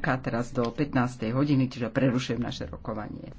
prestávka teraz do 15. hodiny, čiže prerušujem naše rokovanie.